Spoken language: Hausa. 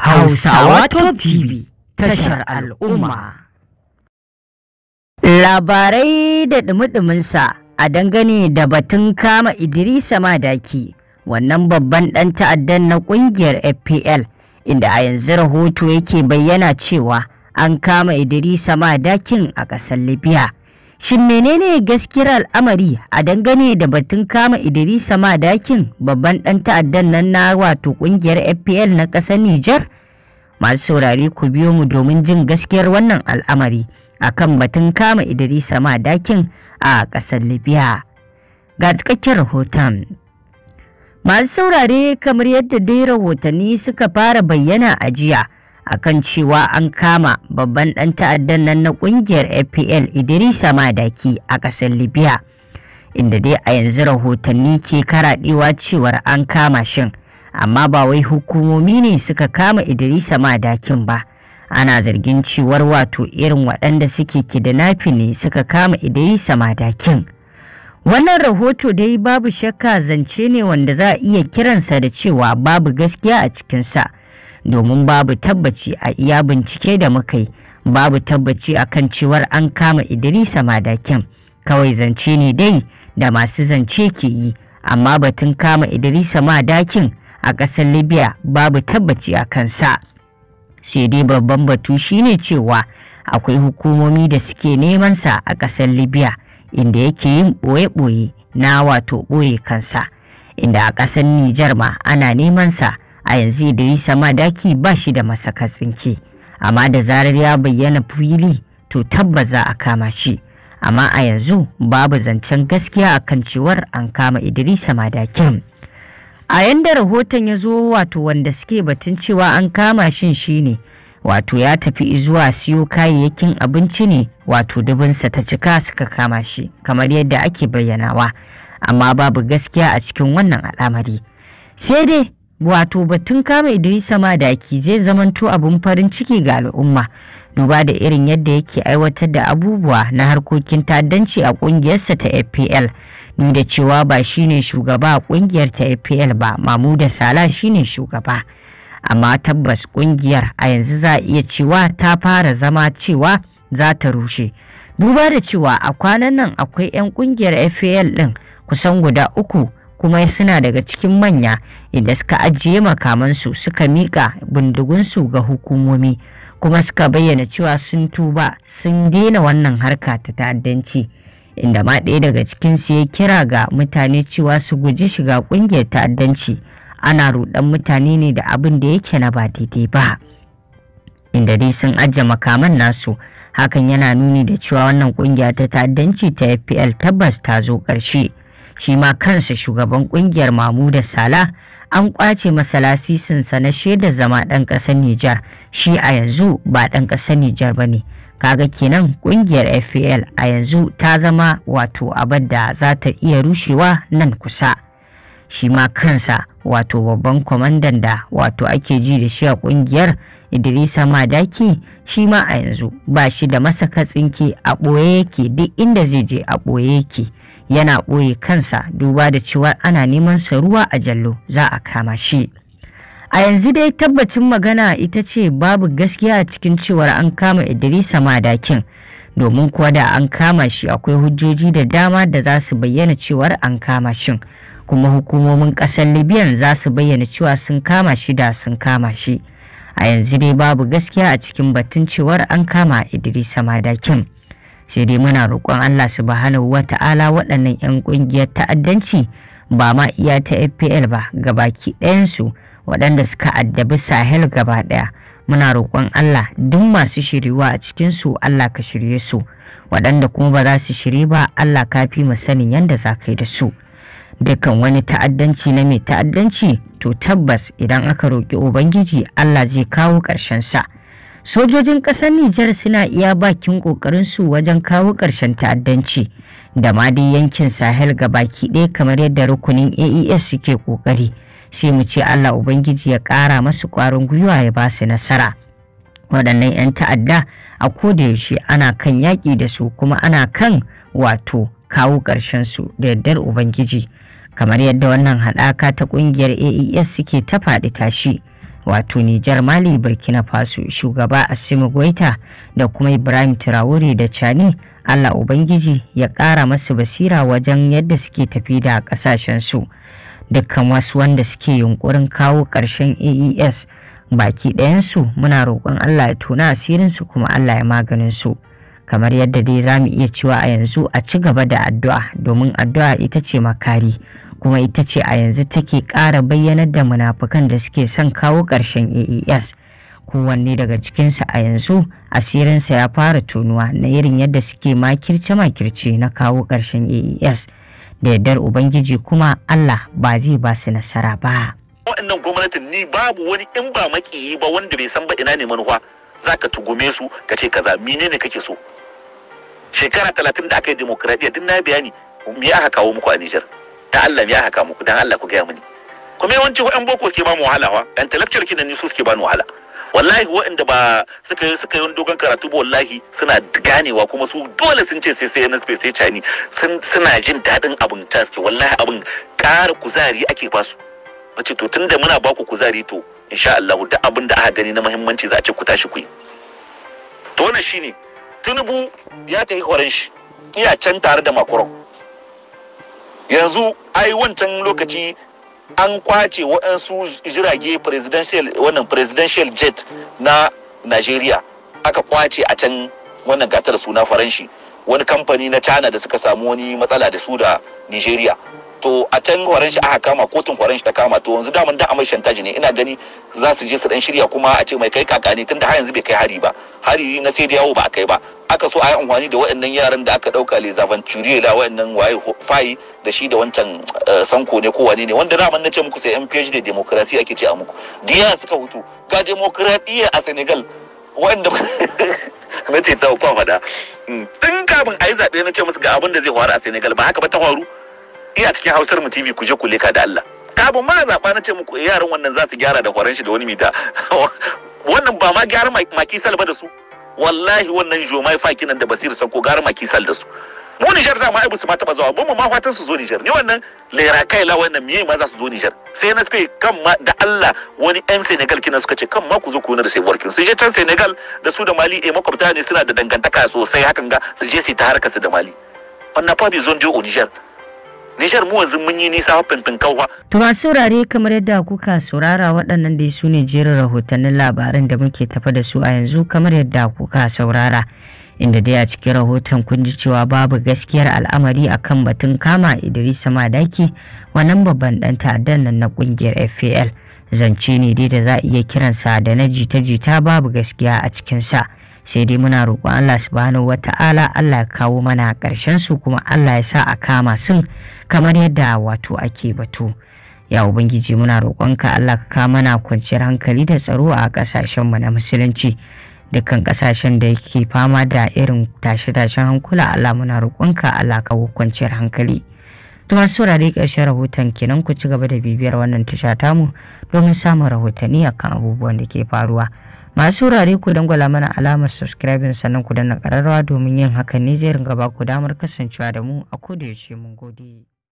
Hausawa Top TV tashar al'umma. Labarai da ɗumi-ɗuminsa a dangane da batun kama Idrisa Madaki wannan babban ɗan ta'addan na ƙungiyar FPL inda a yanzu rahoto yake bayyana cewa an kama Idrisa Madakin a ƙasar Libya. Shin menene gaskiyar al'amari a dangane da batun kama ma dakin babban ɗan ta'addan nan na wato ƙungiyar FPL na ƙasar Nijar? Masu saurari ku biyo mu domin jin gaskiyar wannan al'amari akan batun kama ma dakin a ƙasar Libya. Ga cikakken rahoton. Masu saurare kamar yadda dai rahotanni suka fara bayyana a jiya. akan cewa an kama babban ɗan ta'addan nan na ƙungiyar FPL Idrisa Madaki a ƙasar Libya. Inda dai a yanzu rahotanni ke karaɗewa cewar an kama shin, amma ba wai hukumomi ne suka kama Idrisa Madakin ba. Ana zargin cewar wato irin waɗanda suke kidnapping ne suka kama Idrisa Madakin. Wannan rahoto dai babu shakka zance ne wanda za a iya kiransa da cewa babu gaskiya a cikinsa. domin babu tabbaci a iya bincike da muka yi babu tabbaci a kan cewar an kama Idrisa Madakin kawai zance ne dai da masu zance ke yi amma batun kama Idrisa Madakin a ƙasar Libya babu tabbaci a kansa. Sai dai babban batu shine cewa akwai hukumomi da suke neman sa a ƙasar Libya inda yake yin ɓoye-ɓoye na wato ɓoye kansa. Inda a ƙasar Nijar ma ana neman sa a yanzu sama Madaki ba shi da masaka tsinke amma da zarar ya bayyana fili to tabbas za a kama shi amma a yanzu babu zancen gaskiya a kan cewar an kama Idrisa Madakin a yanda rahoton ya zo wato wanda suke batun cewa an kama shin shine wato ya tafi zuwa siyo kayayyakin abinci ne wato dubinsa ta cika suka kama shi kamar yadda ake bayyanawa amma babu gaskiya a cikin wannan al'amari sai dai wato batun kama idrisa madaki zai zamanto abin farin ciki ga al'umma duba da irin yadda yake aiwatar da abubuwa na harkokin ta'addanci a kungiyarsa ta fpl Ni da cewa ba shine shugaba a kungiyar ta fpl ba mamu mamuda sala shine shugaba amma tabbas kungiyar a yanzu za a iya cewa ta fara zama cewa za ta rushe duba da cewa a kwanan nan akwai 'yan kungiyar fpl din kusan guda uku kuma suna daga cikin manya inda suka ajiye makamansu suka miƙa bindigunsu ga hukumomi kuma suka bayyana cewa sun tuba sun daina wannan harka ta ta'addanci inda ma ɗaya daga cikinsu ya kira ga mutane cewa su guji shiga ƙungiyar ta'addanci ana ruɗan mutane ne da abin da yake na ba daidai ba inda dai sun ajiye makaman nasu hakan yana nuni da cewa wannan ƙungiya ta ta'addanci ta fpl tabbas ta zo ƙarshe shi ma kansa shugaban kungiyar mamuda sala an kwace masa lasisinsa na shaida zama ɗan ƙasar nijar shi a yanzu ba ɗan ƙasar nijar ba ne kaga kenan kungiyar fal a yanzu ta zama wato abin da za ta iya rushewa nan kusa shi ma kansa wato babban kwamandan da wato ake ji da shi a kungiyar idrisa madaki shi ma a yanzu ba shi da masa katsinki a ɓoye yake duk inda zai je a ɓoye yake yana ɓoye kansa duba da cewa ana neman sa ruwa a jallo za a kama shi a yanzu dai tabbacin magana ita ce babu gaskiya a cikin cewar an kama idrisa madakin domin kuwa da an kama shi akwai hujjoji da dama da za su bayyana cewar an kama shin kuma hukumomin ƙasar libyan za su bayyana cewa sun kama shi da sun kama shi a yanzu dai babu gaskiya a cikin batun cewar an kama idrisa madakin sai dai muna roƙon Allah subhanahu ta'ala waɗannan 'yan ƙungiyar ta'addanci ba ma iya ta FPL ba ga gabaki ɗayansu waɗanda suka addabi Sahel gaba ɗaya muna roƙon Allah duk masu shiriwa a cikin su Allah ka shirye su waɗanda kuma ba za su shiri ba Allah ka fi mu sanin yadda za ka yi da su. dukkan wani ta'addanci na mai ta'addanci to tabbas idan aka roƙi ubangiji Allah zai kawo ƙarshen sa. sojojin ƙasar Nijar suna iya bakin ƙoƙarinsu wajen kawo ƙarshen ta'addanci da ma dai yankin Sahel ga baki ɗaya kamar yadda rukunin AES suke ƙoƙari. Sai mu ce Allah Ubangiji ya ƙara masu ƙwarin gwiwa ya ba su nasara. Waɗannan 'yan ta'adda a yaushe ana kan yaƙi da su kuma ana kan wato kawo ƙarshen su da yardar Ubangiji. Kamar yadda wannan haɗaka ta ƙungiyar AES suke ta faɗi tashi. wato Nijar Mali Burkina Faso shugaba Assimi Goita da kuma Ibrahim Traore da Chani Allah Ubangiji ya ƙara masu basira wajen yadda suke tafi da ƙasashensu dukkan wasu wanda suke yunkurin kawo ƙarshen AES baki ɗayansu muna roƙon Allah ya tona asirinsu kuma Allah ya maganin su kamar yadda dai za mu iya cewa a yanzu a ci gaba da addu'a domin addu'a ita ce makari. kuma ita ce a yanzu take ƙara bayyanar da munafukan da suke son kawo ƙarshen AES. Kowanne daga cikinsa a yanzu asirinsa ya fara tunuwa na irin yadda suke makirce-makirce na kawo ƙarshen AES. Da yardar Ubangiji kuma Allah ba zai ba su nasara ba. Waɗannan gwamnatin ni babu wani in ba makiyi ba wanda bai san ba ina ne manufa za ka tugume su ka ce kaza menene kake so. Shekara talatin da aka yi demokradiyya duk na bayani me aka kawo muku a Nijar. ta Allah ya haka muku dan Allah ku gaya mini kuma yawanci wa'yan boko suke ba mu wahala wa yan talabciyar ki da su suke ba mu wahala wallahi waɗanda ba suka yi suka yi dogon karatu ba wallahi suna ganewa kuma su dole sun ce sai sai space sai cani suna jin daɗin abin taske wallahi abin ƙara kuzari ake ba su wace to tunda muna ba ku kuzari to insha Allah duk abin da aka gani na muhimmanci za a ce ku tashi ku yi to wannan shine Tinubu ya tafi horon shi iya can tare da Macron yanzu ai wancan lokaci an kwace waɗansu jirage presidential wannan presidential jet na Najeriya aka kwace a can wannan gatar suna faranshi wani kamfani na China da suka samu wani matsala da su da Nigeria to a can kwaran shi aka kama kotun kwaran shi ta kama to yanzu daman da amai shantaji ne ina gani za su je su dan shirya kuma a ce mai kai kakani tunda har yanzu bai kai hari ba hari na sai da yawo ba kai ba aka so a yi amfani da waɗannan yaran da aka ɗauka lezavan curiyela waɗannan waye fayi da shi da wancan eh, sanko ne ko wani ne wanda daman na ce muku sai mph da demokrasi ake ce a muku diya suka hutu ga demokradiya a senegal wanda na ce ta kwa faɗa din mm. kafin a yi zaɓe na ce musu ga abin da zai faru a senegal ba haka ba ta faru a cikin hausar mu tv ku je ku leka da Allah kabin ma zaɓa na ce muku eh, yaran wannan za su gyara da kwaran shi da wani mita wannan ba ma gyara makisal ba da su wallahi wannan jomai fakinan da basir sanko gara makisal da su mu Nijar da ma su ma taɓa zuwa ba mu ma fatan su zo Nijar ni wannan lera kai la wannan miye ma za su zo Nijar sai na kai kan ma da Allah wani ɗan Senegal kina suka ce kan ma ku zo ku da sai warkin su je can Senegal da su da Mali eh makwabta ne suna da dangantaka sosai hakan ga su je su ta harkar su da Mali wannan fa bai zo Nijar Nishar mu yanzu mun yi nisa kauwa. To masu saurare kamar yadda kuka saurara waɗannan dai su ne jerin rahotannin labarin da muke tafa da su a yanzu kamar yadda kuka saurara. Inda dai a cikin rahoton kun ji cewa babu gaskiyar al'amari a kan batun kama Idrisa Madaki wannan babban ɗan ta'addan nan na ƙungiyar FAL. Zance ne dai da za a iya kiransa da na jita-jita babu gaskiya a cikinsa. sai dai muna roƙon Allah subhanahu ta'ala Allah ya kawo mana ƙarshen su kuma Allah ya sa a kama sun kamar yadda wato ake batu ya ubangiji muna roƙonka Allah ka kawo mana kwanciyar hankali da tsaro a ƙasashen mu na musulunci dukkan ƙasashen da yake fama da irin tashe-tashen hankula Allah muna roƙonka Allah ka kawo kwanciyar hankali To masu saurare ƙarshen rahoton kenan ku ci gaba da bibiyar wannan tasha tamu domin samun rahotanni akan abubuwan da ke faruwa. Masu wurare ku dangwala mana alamar subscribing sannan ku danna ƙararrawa domin yin hakan ne zai ringa ba ku damar kasancewa da mu a koda yaushe mun gode.